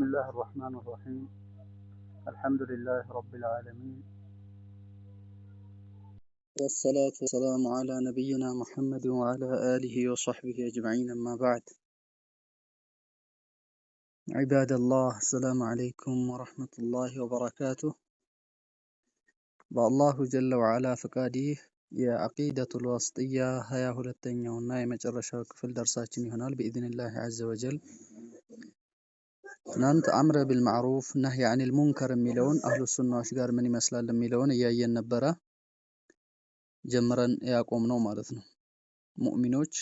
بسم الله الرحمن الرحيم الحمد لله رب العالمين والصلاة والسلام على نبينا محمد وعلى آله وصحبه أجمعين أما بعد عباد الله السلام عليكم ورحمة الله وبركاته والله جل وعلا فقاده يا عقيدة الوسطية هيا هلتن يونا يمجر شوك في الدرسات بإذن الله عز وجل ትናንት አምረ ቢል ማዕሩፍ ነህይ አኒል ሙንከር የሚለውን አህሉ ሱናዎች ጋር ምን ይመስላል የሚለውን እያየን ነበረ። ጀምረን ያቆም ነው ማለት ነው። ሙእሚኖች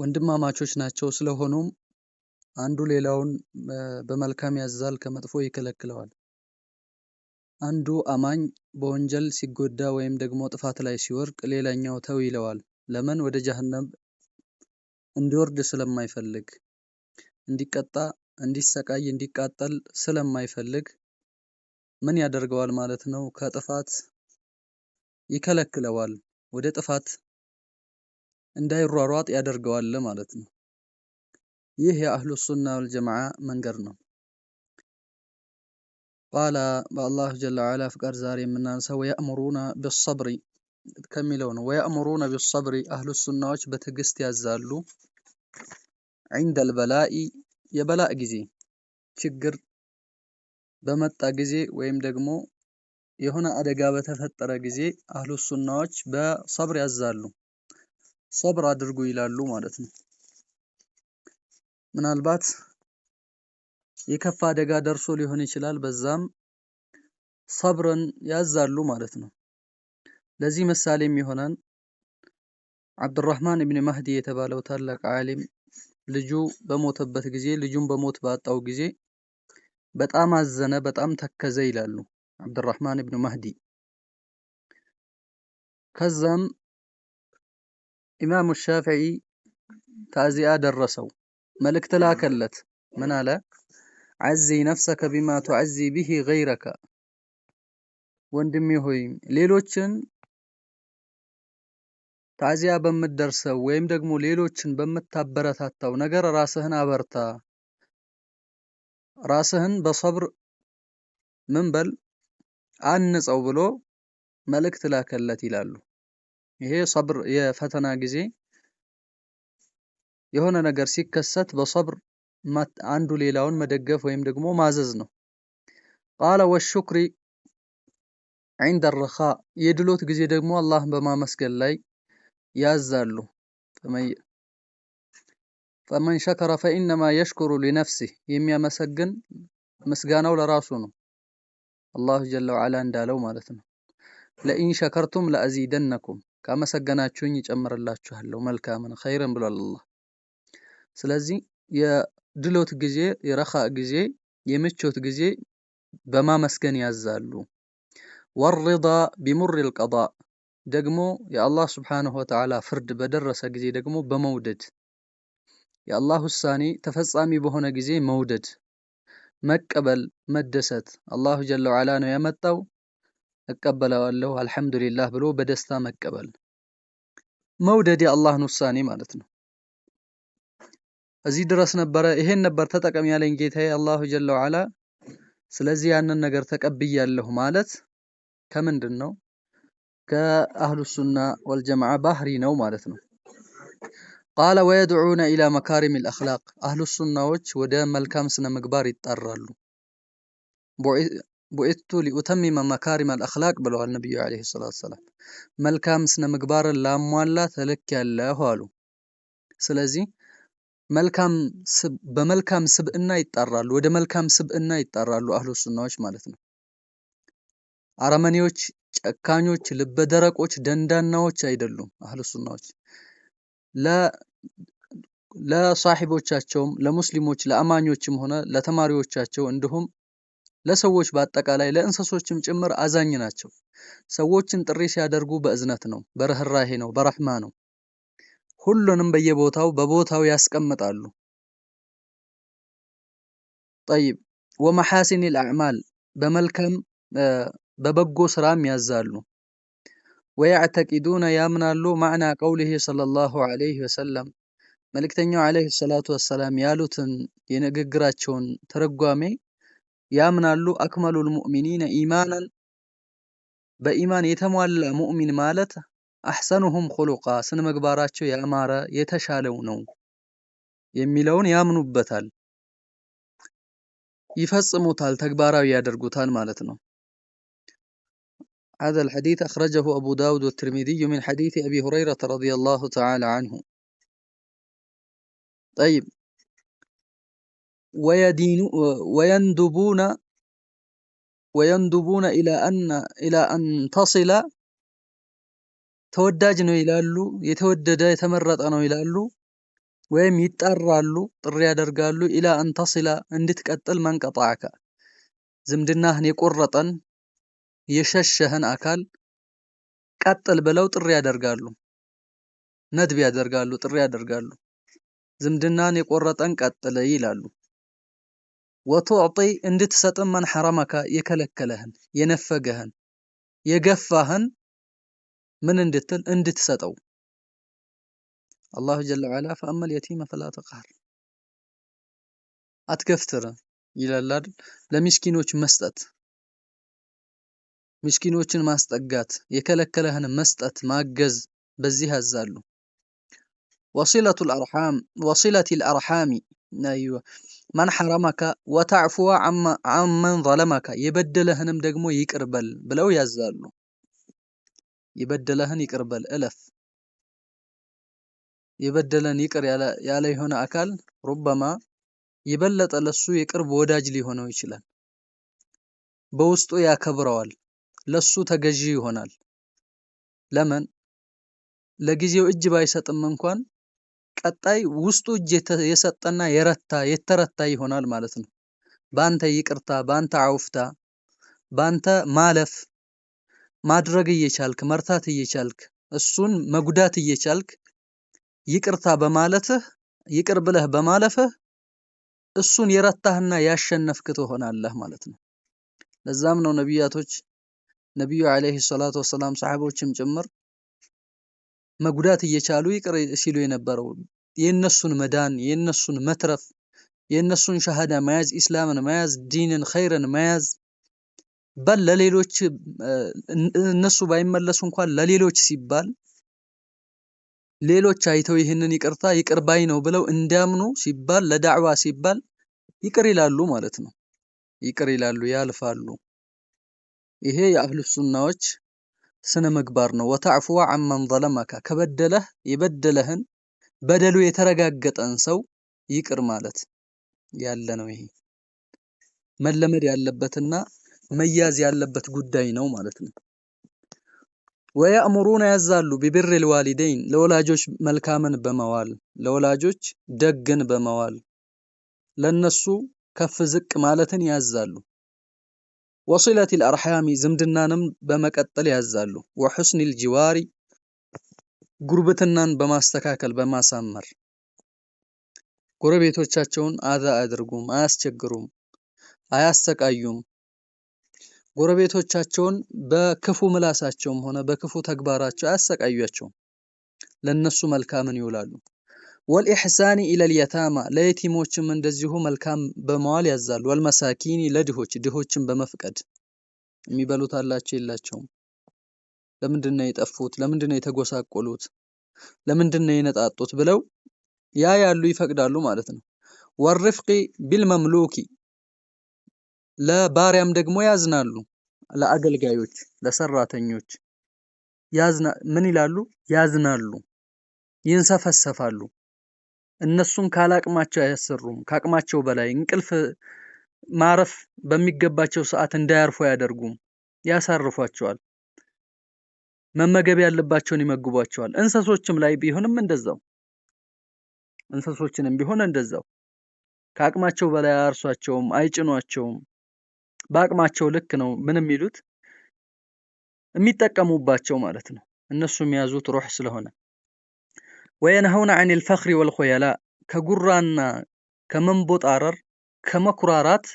ወንድማማቾች ናቸው። ስለሆኑም አንዱ ሌላውን በመልካም ያዛል፣ ከመጥፎ ይከለክለዋል። አንዱ አማኝ በወንጀል ሲጎዳ ወይም ደግሞ ጥፋት ላይ ሲወርቅ ሌላኛው ተው ይለዋል። ለምን? ወደ ጀሀነም እንዲወርድ ስለማይፈልግ እንዲቀጣ እንዲሰቃይ እንዲቃጠል ስለማይፈልግ ምን ያደርገዋል ማለት ነው? ከጥፋት ይከለክለዋል። ወደ ጥፋት እንዳይሯሯጥ ያደርገዋል ማለት ነው። ይህ የአህሉ ሱና ወልጀማዓ መንገድ ነው። ቃላ በአላህ ጀለ ዓላ ፍቃድ ዛሬ የምናንሰው ወያእሙሩና ቢሰብሪ ከሚለው ነው። ወያእሙሩና ቢሰብሪ አህሉ ሱናዎች በትዕግስት ያዛሉ። ዐንደል በላኢ የበላእ ጊዜ ችግር በመጣ ጊዜ ወይም ደግሞ የሆነ አደጋ በተፈጠረ ጊዜ አህሉ ሱናዎች በሰብር ያዛሉ። ሰብር አድርጉ ይላሉ ማለት ነው። ምናልባት የከፋ አደጋ ደርሶ ሊሆን ይችላል። በዛም ሰብርን ያዛሉ ማለት ነው። ለዚህ ምሳሌ የሚሆነን አብዱራህማን ኢብን ማህዲ የተባለው ታላቅ ዓሊም ልጁ በሞተበት ጊዜ ልጁን በሞት ባጣው ጊዜ በጣም አዘነ፣ በጣም ተከዘ ይላሉ አብድራህማን ኢብኑ ማህዲ። ከዛም ኢማሙ ሻፊዒ ታዚያ ደረሰው፣ መልእክት ላከለት። ምን አለ? አዚ ነፍሰከ ቢማ ቱዓዚ ቢሂ ገይረከ፣ ወንድሜ ሆይ ሌሎችን ታዚያ በምትደርሰው ወይም ደግሞ ሌሎችን በምታበረታታው ነገር ራስህን አበርታ። ራስህን በሰብር ምን በል አንጸው ብሎ መልእክት ላከለት ይላሉ። ይሄ ሰብር የፈተና ጊዜ የሆነ ነገር ሲከሰት በሰብር አንዱ ሌላውን መደገፍ ወይም ደግሞ ማዘዝ ነው። ቃለ ወሹክሪ ዒንደ ረኻ የድሎት ጊዜ ደግሞ አላህን በማመስገን ላይ ያዛሉ። ፈመን ሸከረ ፈኢነማ የሽኩሩ ሊነፍሲህ፣ የሚያመሰግን ምስጋናው ለራሱ ነው። አላሁ ጀለ ወዐላ እንዳለው ማለት ነው። ለኢን ሸከርቱም ለአዚደነኩም፣ ካመሰገናችሁኝ ይጨምርላችኋለሁ መልካምን ኸይርን ብሏል አላህ። ስለዚህ የድሎት ጊዜ የረኻእ ጊዜ የምቾት ጊዜ በማመስገን ያዛሉ። ወሪዳ ቢሙሪል ቀዳእ ደግሞ የአላህ ስብሓነሁ ወተዓላ ፍርድ በደረሰ ጊዜ ደግሞ በመውደድ የአላህ ውሳኔ ተፈጻሚ በሆነ ጊዜ መውደድ፣ መቀበል፣ መደሰት። አላሁ ጀለ ወዓላ ነው ያመጣው፣ እቀበለዋለሁ አልሐምዱሊላህ ብሎ በደስታ መቀበል፣ መውደድ የአላህን ውሳኔ ማለት ነው። እዚህ ድረስ ነበረ። ይሄን ነበር ተጠቀም ያለኝ ጌታዬ አላሁ ጀለ ወዓላ። ስለዚህ ያንን ነገር ተቀብያለሁ ማለት ከምንድን ነው? ከአህሉ ሱና ወልጀማዓ ባህሪ ነው ማለት ነው። ቃለ ወየድዑነ ኢላ መካሪም አልአኽላቅ አህሉሱናዎች ወደ መልካም ስነ ምግባር ይጣራሉ። ቡዒቱ ሊኡተሚመ መካሪም አልአኽላቅ ብለዋል ነቢዩ ዓለይሂ ሰላቱ ሰላም። መልካም ስነ ምግባርን ላሟላ ተልክ ያለሁ አሉ። ስለዚህ በመልካም ስብዕና ይጣራሉ፣ ወደ መልካም ስብዕና ይጠራሉ አህሉ ሱናዎች ማለት ነው። አረመኔዎች ጨካኞች ልበደረቆች ደንዳናዎች አይደሉም። አህሉ ሱናዎች ለሳሒቦቻቸውም ለሙስሊሞች ለአማኞችም ሆነ ለተማሪዎቻቸው እንዲሁም ለሰዎች በአጠቃላይ ለእንሰሶችም ጭምር አዛኝ ናቸው። ሰዎችን ጥሪ ሲያደርጉ በእዝነት ነው፣ በርህራሄ ነው፣ በረህማ ነው። ሁሉንም በየቦታው በቦታው ያስቀምጣሉ። ጠይብ ወመሐሲኒል አዕማል በመልካም በበጎ ስራም ያዛሉ። ወየዕተቂዱነ ያምናሉ ማዕና ቀውሊሂ ሰለላሁ ዐለይሂ ወሰለም መልእክተኛው ዐለይሂ ሰላቱ ወሰላም ያሉትን የንግግራቸውን ትርጓሜ ያምናሉ። አክመሉል ሙእሚኒነ ኢማናን በኢማን የተሟላ ሙእሚን ማለት አሕሰኑሁም ኹሉቃ ስነ ምግባራቸው ያማረ የተሻለው ነው የሚለውን ያምኑበታል፣ ይፈጽሙታል፣ ተግባራዊ ያደርጉታል ማለት ነው። هذا الحديث أخرجه أبو داود والترمذي من حديث أبي هريرة رضي الله تعالى عنه طيب ويدين ويندبون ويندبون إلى أن إلى أن تصل توداجن إلى اللو يتودد يتمرد أنو إلى اللو ويم يتأرى اللو طريا درقال إلى أن تصل أن أتل من قطعك زمدناه نيقرطا የሸሸህን አካል ቀጥል ብለው ጥሪ ያደርጋሉ ነድብ ያደርጋሉ ጥሪ ያደርጋሉ ዝምድናን የቆረጠን ቀጥል ይላሉ ወቱዕጢ እንድትሰጥም መን ሐረመከ የከለከለህን የነፈገህን የገፋህን ምን እንድትል እንድትሰጠው አላሁ ጀለ ወዓላ ፈአመል የቲመ ፈላ ተቅሃር አትገፍትር ይላል ለሚስኪኖች መስጠት ምስኪኖችን ማስጠጋት፣ የከለከለህን መስጠት ማገዝ በዚህ ያዛሉ። ወሲለቱል አርሐም ወሲለቱል አርሐሚ አይዋ ማን ሐረመከ ወተዕፉወ አመን ዘለመከ የበደለህንም ደግሞ ይቅርበል ብለው ያዛሉ። የበደለህን ይቅርበል እለፍ። የበደለን ይቅር ያለ የሆነ አካል ሩበማ የበለጠ ለሱ የቅርብ ወዳጅ ሊሆነው ይችላል። በውስጡ ያከብረዋል። ለሱ ተገዢ ይሆናል። ለምን ለጊዜው እጅ ባይሰጥም እንኳን ቀጣይ ውስጡ እጅ የሰጠና የረታ የተረታ ይሆናል ማለት ነው። በአንተ ይቅርታ፣ በአንተ አውፍታ፣ በአንተ ማለፍ ማድረግ እየቻልክ መርታት እየቻልክ እሱን መጉዳት እየቻልክ ይቅርታ በማለትህ ይቅር ብለህ በማለፍህ እሱን የረታህና ያሸነፍክ ትሆናለህ ማለት ነው። ለዛም ነው ነቢያቶች ነቢዩ ዓለይሂ ሰላቱ ወሰላም ሰሐቦችም ጭምር መጉዳት እየቻሉ ይቅር ሲሉ የነበረው የእነሱን መዳን የእነሱን መትረፍ የእነሱን ሸሃዳ መያዝ ኢስላምን መያዝ ዲንን ኸይርን መያዝ በል ለሌሎች እነሱ ባይመለሱ እንኳን ለሌሎች ሲባል ሌሎች አይተው ይህንን ይቅርታ ይቅር ባይ ነው ብለው እንዲያምኑ ሲባል ለዳዕዋ ሲባል ይቅር ይላሉ ማለት ነው። ይቅር ይላሉ፣ ያልፋሉ። ይሄ የአህሉ ሱናዎች ስነ ምግባር ነው። ወተዕፉወ አመን ዘለመከ ከበደለህ የበደለህን በደሉ የተረጋገጠን ሰው ይቅር ማለት ያለ ነው። ይሄ መለመድ ያለበትና መያዝ ያለበት ጉዳይ ነው ማለት ነው። ወያእሙሩነ ያዛሉ ቢብር ልዋሊደይን ለወላጆች መልካምን በመዋል ለወላጆች ደግን በመዋል ለነሱ ከፍ ዝቅ ማለትን ያዛሉ። ወሲለት አርሐሚ ዝምድናንም በመቀጠል ያዛሉ። ወሑስኒል ጂዋሪ ጉርብትናን በማስተካከል በማሳመር ጎረቤቶቻቸውን አዛ አያደርጉም፣ አያስቸግሩም፣ አያሰቃዩም። ጎረቤቶቻቸውን በክፉ ምላሳቸውም ሆነ በክፉ ተግባራቸው አያሰቃያቸውም። ለነሱ መልካምን ይውላሉ። ወልኢሕሳኒ ኢለል የተማ ለየቲሞችም እንደዚሁ መልካም በመዋል ያዛሉ። ወልመሳኪኒ ለድሆች ድሆችን በመፍቀድ የሚበሉት አላቸው የላቸውም። ለምንድን ነው የጠፉት? ለምንድን ነው የተጎሳቆሉት? ለምንድን ነው የነጣጡት? ብለው ያ ያሉ ይፈቅዳሉ ማለት ነው። ወርፍቂ ቢልመምሉኪ ለባሪያም ደግሞ ያዝናሉ። ለአገልጋዮች ለሰራተኞች ምን ይላሉ? ያዝናሉ፣ ይንሰፈሰፋሉ። እነሱን ካላቅማቸው አያሰሩም። ከአቅማቸው በላይ እንቅልፍ ማረፍ በሚገባቸው ሰዓት እንዳያርፉ አያደርጉም፣ ያሳርፏቸዋል። መመገብ ያለባቸውን ይመግቧቸዋል። እንሰሶችም ላይ ቢሆንም እንደዛው እንስሶችንም ቢሆን እንደዛው ከአቅማቸው በላይ አያርሷቸውም፣ አይጭኗቸውም። በአቅማቸው ልክ ነው ምን የሚሉት የሚጠቀሙባቸው ማለት ነው። እነሱ የያዙት ሩህ ስለሆነ ወየንሀውነ ዐኒል ፈኽሪ ወልኹየላእ ከጉራና ከመንቦጣረር ከመኩራራት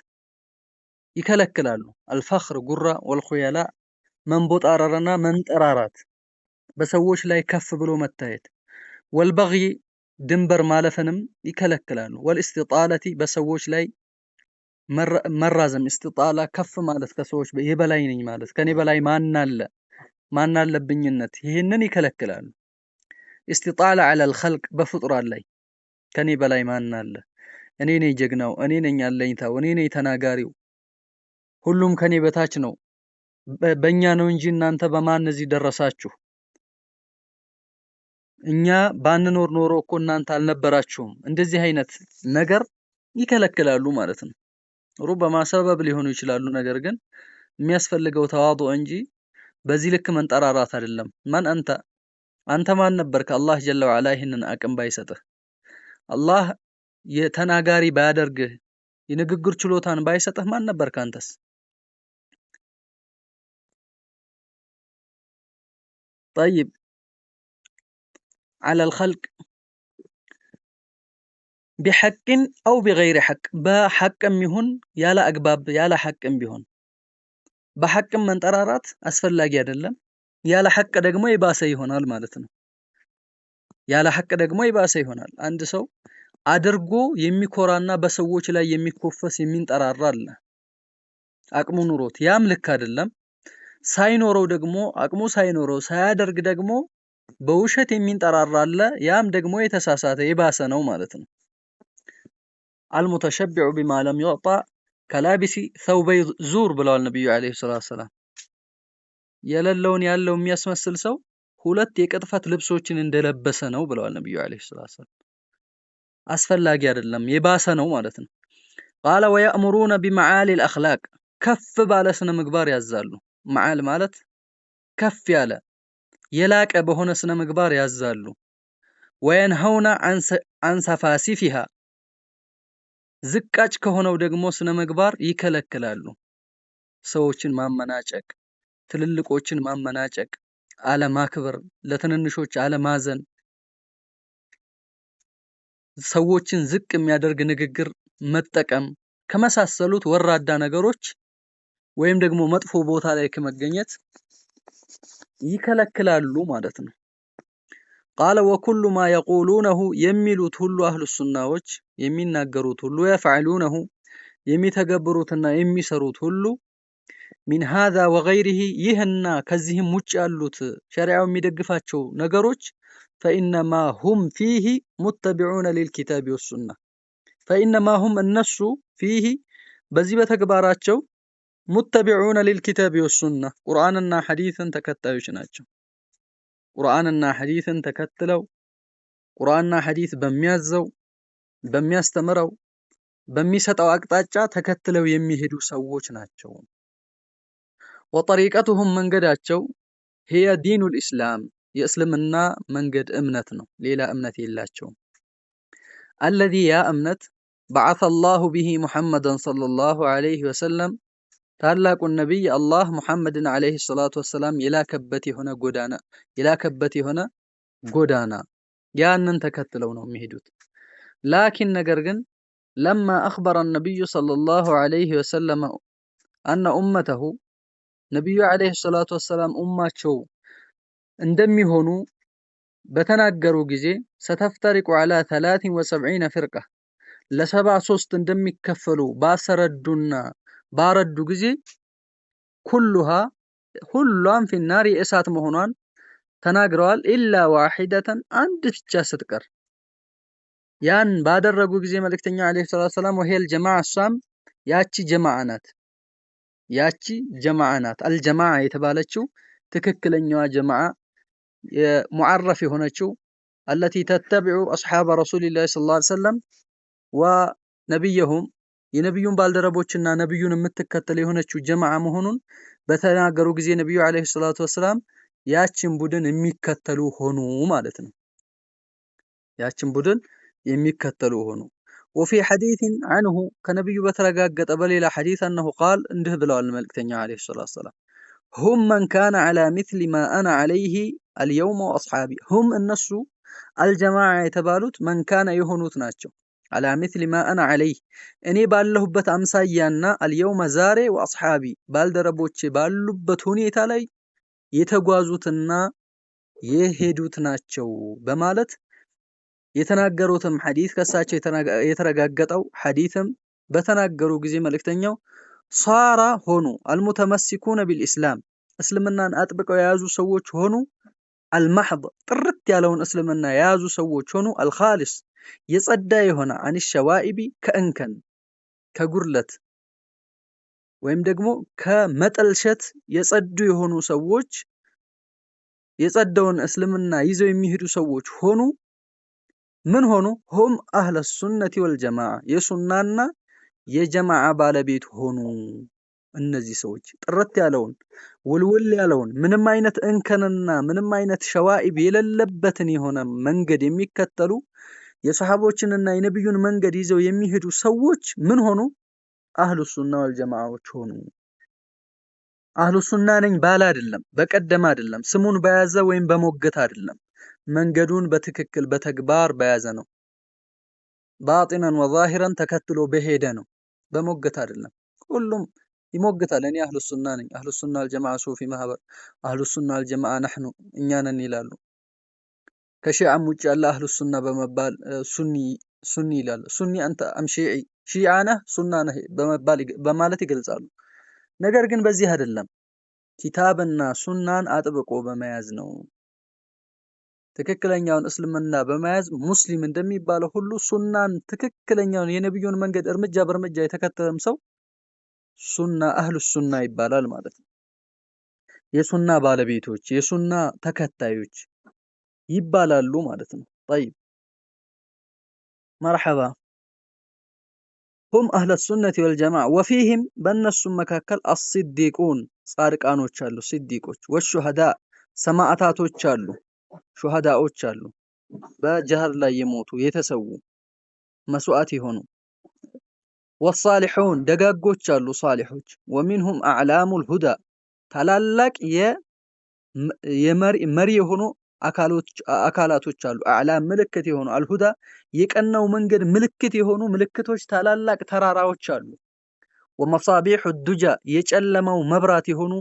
ይከለክላሉ። አልፈኽር ጉራ፣ ወልኹየላእ መንቦጣረርና መንጠራራት በሰዎች ላይ ከፍ ብሎ መታየት፣ ወልበግይ ድንበር ማለፍንም ይከለክላሉ። ወልእስቲጣለቲ በሰዎች ላይ መራዘም እስቲጣላ ከፍ ማለት ከሰዎች የበላይ ነኝ ማለት ከኔ በላይ ማናለ ማናለብኝነት ይህንን ይከለክላሉ። እስቲጣላ አለል ኸልቅ በፍጡራን ላይ ከኔ በላይ ማን አለ? እኔ ነኝ ጀግናው፣ እኔ ነኝ አለኝታው፣ እኔ ነኝ ተናጋሪው፣ ሁሉም ከኔ በታች ነው፣ በእኛ ነው እንጂ እናንተ በማን እዚህ ደረሳችሁ? እኛ ባንኖር ኖሮ እኮ እናንተ አልነበራችሁም። እንደዚህ አይነት ነገር ይከለክላሉ ማለት ነው። ሩበማ ሰበብ ሊሆኑ ይችላሉ። ነገር ግን የሚያስፈልገው ተዋጦ እንጂ በዚህ ልክ መንጠራራት አይደለም። ማን አንተ አንተ ማን ነበርክ? አላህ ጀለ ወዐላ ይህንን አቅም ባይሰጥህ፣ አላህ የተናጋሪ ባያደርግህ፣ የንግግር ችሎታን ባይሰጥህ ማን ነበርክ አንተስ? ጠይብ አለል ኸልቅ ቢሐቅን አው ቢገይሪ ሐቅ፣ በሐቅም ይሁን ያለ አግባብ ያለ ሐቅም ቢሆን በሐቅም መንጠራራት አስፈላጊ አይደለም። ያለ ሐቅ ደግሞ የባሰ ይሆናል ማለት ነው። ያለ ሐቅ ደግሞ የባሰ ይሆናል። አንድ ሰው አድርጎ የሚኮራና በሰዎች ላይ የሚኮፈስ የሚንጠራራ አለ፣ አቅሙ ኑሮት፣ ያም ልክ አይደለም። ሳይኖረው ደግሞ አቅሙ ሳይኖረው ሳያደርግ ደግሞ በውሸት የሚንጠራራ አለ፣ ያም ደግሞ የተሳሳተ የባሰ ነው ማለት ነው። አልሙተሸቢዑ ቢማ ለም ዩዕጣ ከላቢሲ ሰውበይ ዙር ብለዋል ነብዩ አለይሂ ሰላቱ ወሰላም። የሌለውን ያለው የሚያስመስል ሰው ሁለት የቅጥፈት ልብሶችን እንደለበሰ ነው ብለዋል ነቢዩ ዓለይሂ ሰላቱ ወሰላም። አስፈላጊ አይደለም፣ የባሰ ነው ማለት ነው። ቃለ ወየእሙሩነ ቢመዓሊ አልአኽላቅ ከፍ ባለ ስነ ምግባር ያዛሉ። መዓል ማለት ከፍ ያለ የላቀ በሆነ ስነ ምግባር ያዛሉ። ወየንሀውነ አን ሰፋሲፊሃ ዝቃጭ ከሆነው ደግሞ ስነ ምግባር ይከለክላሉ። ሰዎችን ማመናጨቅ ትልልቆችን ማመናጨቅ፣ አለማክበር፣ ለትንንሾች አለማዘን፣ ሰዎችን ዝቅ የሚያደርግ ንግግር መጠቀም ከመሳሰሉት ወራዳ ነገሮች ወይም ደግሞ መጥፎ ቦታ ላይ ከመገኘት ይከለክላሉ ማለት ነው። ቃለ ወኩሉ ማ የቁሉነሁ የሚሉት ሁሉ አህሉ ሱናዎች የሚናገሩት ሁሉ የፈዕሉነሁ የሚተገብሩትና የሚሰሩት ሁሉ ሚን ሃዛ ወገይሪሂ ይህና ከዚህም ውጭ ያሉት ሸሪዓው የሚደግፋቸው ነገሮች ፈኢነማ ሁም ፊሂ ሙተቢዑነ ሊልኪታቢ ወሱና ፈኢነማ ሁም እነሱ ፊህ በዚህ በተግባራቸው ሙተቢዑነ ሊልኪታቢ ወሱና ቁርአንና ሐዲትን ተከታዮች ናቸው። ቁርአንና ሐዲትን ተከትለው ቁርአንና ሐዲት በሚያዘው በሚያስተምረው በሚሰጠው አቅጣጫ ተከትለው የሚሄዱ ሰዎች ናቸው። ወጠሪቀቱሁም መንገዳቸው ሂየ ዲኑል ኢስላም የእስልምና መንገድ እምነት ነው። ሌላ እምነት የላቸውም። አለዚ ያ እምነት በዓተ አላሁ ቢሂ ሙሐመደን ሰለላሁ ዐለይሂ ወሰለም ታላቁን ነቢይ አላህ ሙሐመድን ዐለይሂ ሰላቱ ወሰላም የላከበት የሆነ ጎዳና የላከበት የሆነ ጎዳና ያንን ተከትለው ነው የሚሄዱት። ላኪን ነገር ግን ለማ አኽበረ ነቢዩ ሰለላሁ ዐለይሂ ወሰለም አነ ኡመተሁ ነቢዩ ዓለይሂ ሰላቱ ወሰላም ኡማቸው እንደሚሆኑ በተናገሩ ጊዜ ሰተፍተሪቁ ዓላ ተላቲን ወሰብዒነ ፊርቃ ለሰባ ሶስት እንደሚከፈሉ ባሰረዱና ባረዱ ጊዜ ኩሉሃ ሁሏም ፊናር የእሳት መሆኗን ተናግረዋል። ኢላ ዋሂደተን አንድ ብቻ ስትቀር ያን ባደረጉ ጊዜ መልእክተኛው ዓለይሂ ሰላቱ ወሰላም ወሄል ጀማዓ እሷም ያቺ ጀማዓ ናት። ያቺ ጀማዓ ናት። አልጀማዓ የተባለችው ትክክለኛዋ ጀማዓ የሙዓረፍ የሆነችው አለቲ ተተቢዑ አስሓበ ረሱሊላህ ሰለላሁ ዐለይሂ ወሰለም ወነቢየሁም የነቢዩን ባልደረቦችና ነቢዩን የምትከተል የሆነችው ጀማዓ መሆኑን በተናገሩ ጊዜ ነቢዩ ዓለይሂ ሰላቱ ወሰላም ያችን ቡድን የሚከተሉ ሆኑ ማለት ነው። ያችን ቡድን የሚከተሉ ሆኑ። ወፊ ሐዲሲን አንሁ ከነቢዩ በተረጋገጠ በሌላ ሐዲስ አነሁ ቃል እንድህ ብለዋል መልእክተኛ ዓለይሂ ሰላቱ ወሰላም ሁም መን ካነ ዐላ ሚስሊ ማ አና ዐለይሂ አልየውም ወአስሓቢ ሁም እነሱ አልጀማዓ የተባሉት መንካነ የሆኑት ናቸው አላ ሚስሊ ማ አነ ዐለይህ እኔ ባለሁበት አምሳያና አልየውመ ዛሬ ወአስሓቢ ባልደረቦቼ ባሉበት ሁኔታ ላይ የተጓዙትና የሄዱት ናቸው በማለት የተናገሩትም ሐዲስ ከእሳቸው የተረጋገጠው ሐዲስም በተናገሩ ጊዜ መልእክተኛው ሳራ ሆኑ አልሙተመሲኩነ ቢልኢስላም እስልምናን አጥብቀው የያዙ ሰዎች ሆኑ አልማህድ ጥርት ያለውን እስልምና የያዙ ሰዎች ሆኑ አልኻሊስ የጸዳ የሆነ አን ከእንከን ከጉርለት ወይም ደግሞ ከመጠልሸት የጸዱ የሆኑ ሰዎች የጸዳውን እስልምና ይዘው የሚሄዱ ሰዎች ሆኑ ምን ሆኑ? ሁም አህለ ሱነቲ ወልጀማዓ የሱናና የጀማዓ ባለቤት ሆኑ። እነዚህ ሰዎች ጥርት ያለውን ውልውል ያለውን ምንም አይነት እንከንና ምንም አይነት ሸዋኢብ የሌለበትን የሆነ መንገድ የሚከተሉ የሰሃቦችንና የነቢዩን መንገድ ይዘው የሚሄዱ ሰዎች ምን ሆኑ? አህሉ ሱና ወልጀማዓዎች ሆኑ። አህሉ ሱና ነኝ ባለ አይደለም፣ በቀደም አይደለም፣ ስሙን በያዘ ወይም በሞገት አይደለም። መንገዱን በትክክል በተግባር በያዘ ነው። ባጢነን ወዛሂረን ተከትሎ በሄደ ነው። በሞገት አይደለም። ሁሉም ይሞግታል። እኔ አህሉ ሱና ነኝ፣ አህሉ ሱና አልጀማዓ ሱፊ ማህበር፣ አህሉ ሱና አልጀማዓ ነህኑ እኛ ነን ይላሉ። ከሺዓም ውጭ ያለ አህሉ ሱና በመባል ሱኒ ሱኒ ይላሉ። ሱኒ አንተ አም ሺዒ ሺዓ ነህ ሱና ነህ በመባል በማለት ይገልጻሉ። ነገር ግን በዚህ አይደለም። ኪታብና ሱናን አጥብቆ በመያዝ ነው። ትክክለኛውን እስልምና በመያዝ ሙስሊም እንደሚባለው ሁሉ ሱናን ትክክለኛውን የነብዩን መንገድ እርምጃ በእርምጃ የተከተለም ሰው ሱና አህሉ ሱና ይባላል ማለት ነው። የሱና ባለቤቶች የሱና ተከታዮች ይባላሉ ማለት ነው። طيب مرحبا هم اهل السنة والجماعة وفيهم በእነሱም መካከል الصديقون ጻድቃኖች አሉ። ሲዲቆች ወሹሃዳ ሰማዕታቶች አሉ። ሹሃዳዎች አሉ። በጃሃድ ላይ የሞቱ የተሰዉ መስዋዕት የሆኑ ወሳሊሑን ደጋጎች አሉ ሳሊሖች ወሚንሁም አዕላሙል ሁዳ ታላላቅ መሪ የሆኑ አካላቶች አሉ። አዕላም ምልክት የሆኑ አልሁዳ የቀናው መንገድ ምልክት የሆኑ ምልክቶች ታላላቅ ተራራዎች አሉ። ወመሳቢሑ ዱጃ የጨለማው መብራት የሆኑ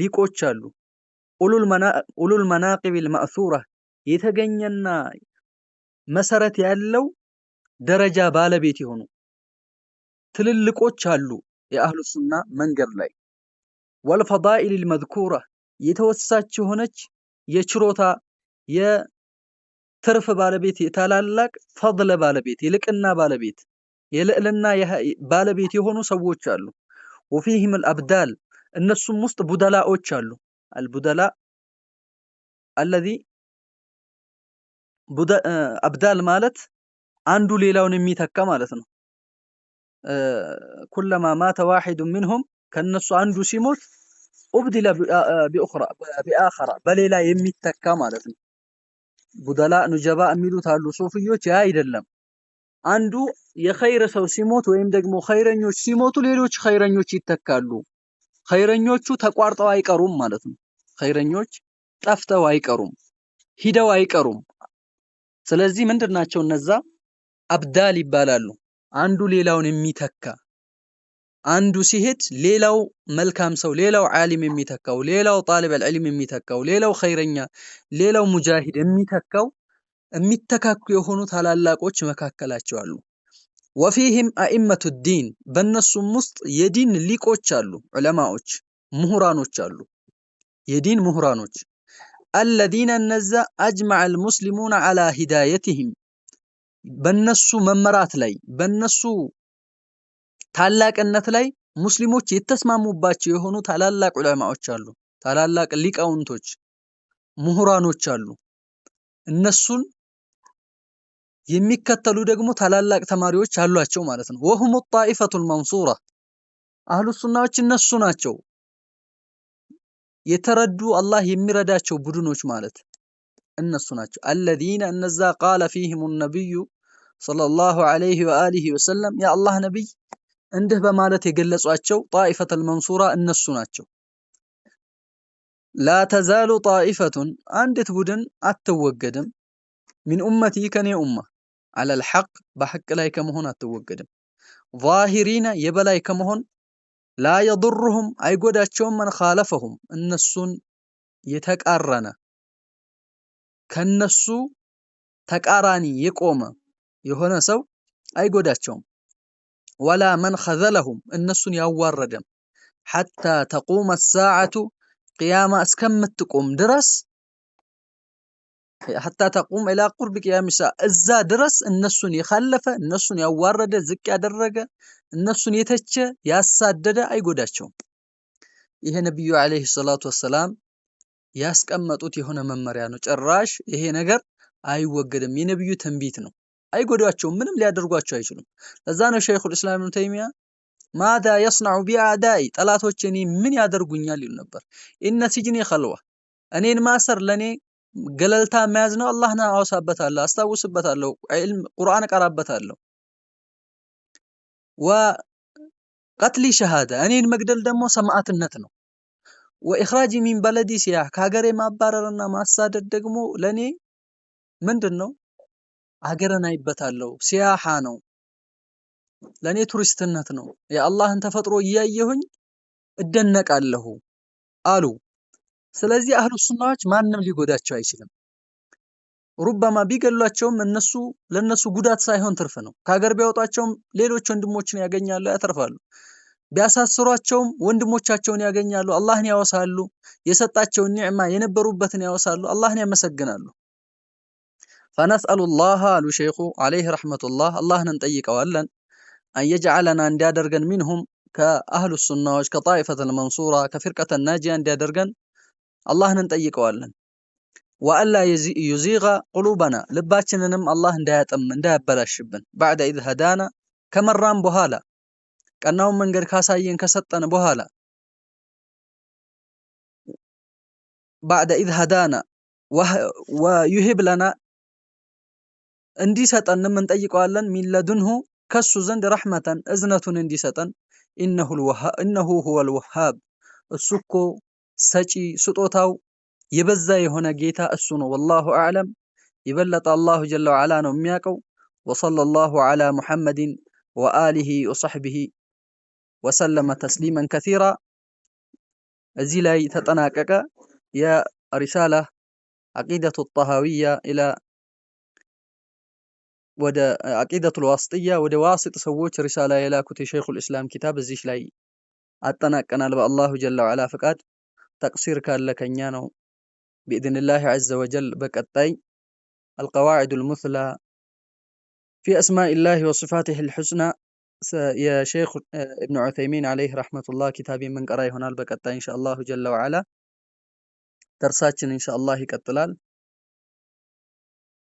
ሊቆች አሉ። ኡሉል መናቂቢል ማእሱራ የተገኘና መሰረት ያለው ደረጃ ባለቤት የሆኑ ትልልቆች አሉ የአህሉ ሱና መንገድ ላይ ወልፈዳኢል መዝኩራ የተወሳች የሆነች የችሮታ የትርፍ ባለቤት የታላላቅ ፈድለ ባለቤት የልቅና ባለቤት የልዕልና ባለቤት የሆኑ ሰዎች አሉ። ወፊህም አልአብዳል እነሱም ውስጥ ቡደላዎች አሉ። አልቡደላ አለዚ አብዳል ማለት አንዱ ሌላውን የሚተካ ማለት ነው። ኩለማ ማተ ዋሂዱ ሚንሁም ከነሱ አንዱ ሲሞት ኡብዲለ ቢአኸራ በሌላ የሚተካ ማለት ነው። ቡደላ ኑጀባ የሚሉት አሉ ሱፍዮች። ያ አይደለም። አንዱ የኸይር ሰው ሲሞት ወይም ደግሞ ኸይረኞች ሲሞቱ ሌሎች ኸይረኞች ይተካሉ። ኸይረኞቹ ተቋርጠው አይቀሩም ማለት ነው። ኸይረኞች ጠፍተው አይቀሩም፣ ሂደው አይቀሩም። ስለዚህ ምንድን ናቸው እነዛ? አብዳል ይባላሉ። አንዱ ሌላውን የሚተካ አንዱ ሲሄድ ሌላው መልካም ሰው፣ ሌላው ዓሊም የሚተካው፣ ሌላው ጣልብ አልዕልም የሚተካው፣ ሌላው ኸይረኛ፣ ሌላው ሙጃሂድ የሚተካው የሚተካኩ የሆኑ ታላላቆች መካከላቸው አሉ። ወፊህም አኢመቱ ዲን በእነሱም ውስጥ የዲን ሊቆች አሉ፣ ዑለማዎች፣ ምሁራኖች አሉ። የዲን ምሁራኖች አለዚነ እነዛ አጅማዕ አልሙስሊሙን አላ ሂዳየትህም በነሱ መመራት ላይ በነሱ ታላቅነት ላይ ሙስሊሞች የተስማሙባቸው የሆኑ ታላላቅ ዑለማዎች አሉ። ታላላቅ ሊቃውንቶች፣ ምሁራኖች አሉ። እነሱን የሚከተሉ ደግሞ ታላላቅ ተማሪዎች አሏቸው ማለት ነው። ወሁሙ ጣኢፈቱል መንሱራ አህሉ ሱናዎች እነሱ ናቸው። የተረዱ አላህ የሚረዳቸው ቡድኖች ማለት እነሱ ናቸው። አለዚነ እነዛ ቃለ ፊህም ነቢዩ ሰለላሁ ዐለይሂ ወአሊሂ ወሰለም የአላህ ነቢይ እንዲህ በማለት የገለጿቸው ጣኢፈተል መንሱራ እነሱ ናቸው። ላ ተዛሉ ጣኢፈቱን አንዲት ቡድን አትወገድም፣ ሚን ኡመቲ ከኔ ኡማ አለል ሐቅ በሐቅ ላይ ከመሆን አትወገድም፣ ዛሂሪና የበላይ ከመሆን لا يضرهم أي قداتشهم من خالفهم النسون يتكارنا كالنسو تكاراني يقوم يهونا سو أي قداتشهم ولا من خذلهم النسون يوار حتى تقوم الساعة قيامة اسكمت تقوم درس ሐታ ተቁም ኢላ ቁርቢክ ያምሳ እዛ ድረስ እነሱን የካለፈ እነሱን ያዋረደ ዝቅ ያደረገ እነሱን የተቸ ያሳደደ አይጎዳቸውም። ይሄ ነቢዩ ዓለይሂ ሰላቱ ወሰላም ያስቀመጡት የሆነ መመሪያ ነው። ጭራሽ ይሄ ነገር አይወገድም። የነቢዩ ትንቢት ነው። አይጎዳቸውም። ምንም ሊያደርጓቸው አይችሉም። ለዛ ነው ሸይኹል ኢስላም ኢብኑ ተይሚያ ማዛ የስናዑ ቢአዳይ ጠላቶች እኔ ምን ያደርጉኛል ይሉ ነበር። ኢነ ሲጅኒ ኸልዋ እኔን ማሰር ለእኔ ገለልታ መያዝ ነው። አላህን አወሳበታለሁ፣ አስታውስበታለሁ፣ ዒልም ቁርአን እቀራበታለሁ። ወቀትሊ ሸሃዳ እኔን መግደል ደግሞ ሰማዕትነት ነው። ወኢኽራጂ ሚን በለዲ ሲያህ ከሀገሬ ማባረርና ማሳደድ ደግሞ ለእኔ ምንድን ነው? ሀገርን አይበታለሁ። ሲያሓ ነው ለእኔ ቱሪስትነት ነው። የአላህን ተፈጥሮ እያየሁኝ እደነቃለሁ አሉ። ስለዚህ አህሉ ሱናዎች ማንም ሊጎዳቸው አይችልም። ሩባማ ቢገሏቸውም እነሱ ለነሱ ጉዳት ሳይሆን ትርፍ ነው። ከሀገር ቢያወጧቸውም ሌሎች ወንድሞችን ያገኛሉ፣ ያተርፋሉ። ቢያሳስሯቸውም ወንድሞቻቸውን ያገኛሉ፣ አላህን ያወሳሉ፣ የሰጣቸውን ኒዕማ የነበሩበትን ያወሳሉ፣ አላህን ያመሰግናሉ። ፈነስአሉላህ አሉ ሼኹ ዓለይህ ረሕመቱላህ አላህን እንጠይቀዋለን አንየጅዓለና እንዲያደርገን ሚንሁም ከአህሉ ሱናዎች ከጣኢፈተል መንሱራ ከፊርቀተ ናጂያ እንዲያደርገን አላህን እንጠይቀዋለን። ወአላ ዩዚጋ ቁሉበና ልባችንንም አላህ እንዳያጠም እንዳያበላሽብን፣ ባዕደ ኢዝ ሀዳና ከመራን በኋላ ቀናውን መንገድ ካሳየን ከሰጠን በኋላ ባዕደ ኢዝ ሀዳና ወዩሂብ ለና እንዲሰጠንም እንጠይቀዋለን። ሚን ከሱ ዘንድ ረሕመተን እዝነቱን እንዲሰጠን፣ ኢነሁ ሁወል ወሃብ እሱኮ سجي سطوتاو يبزا يهونا جيتا السنو والله أعلم يبلط الله جل وعلا نمياكو وصلى الله على محمد وآله وصحبه وسلم تسليما كثيرا أزيلاي تتناكك يا رسالة عقيدة الطهاوية إلى ودا عقيدة الواسطية ودا واسط سووت رسالة إلى كتي شيخ الإسلام كتاب الزيش أتناك أنا الله جل وعلا فكاد ተቅሲር ካለ ከኛ ነው። ቢኢዝንላህ ዐዘ ወጀል በቀጣይ አልቀዋዒዱል ሙስላ ፊ አስማኢላህ ወሲፋቲህ አልሑስና የሼክ እብን ዑሰይሚን ዓለይህ ረሕመቱላህ ኪታብ የምንቀራ ይሆናል። በቀጣይ ኢንሻአላሁ ጀለ ወዐላ ደርሳችን ኢንሻአላህ ይቀጥላል።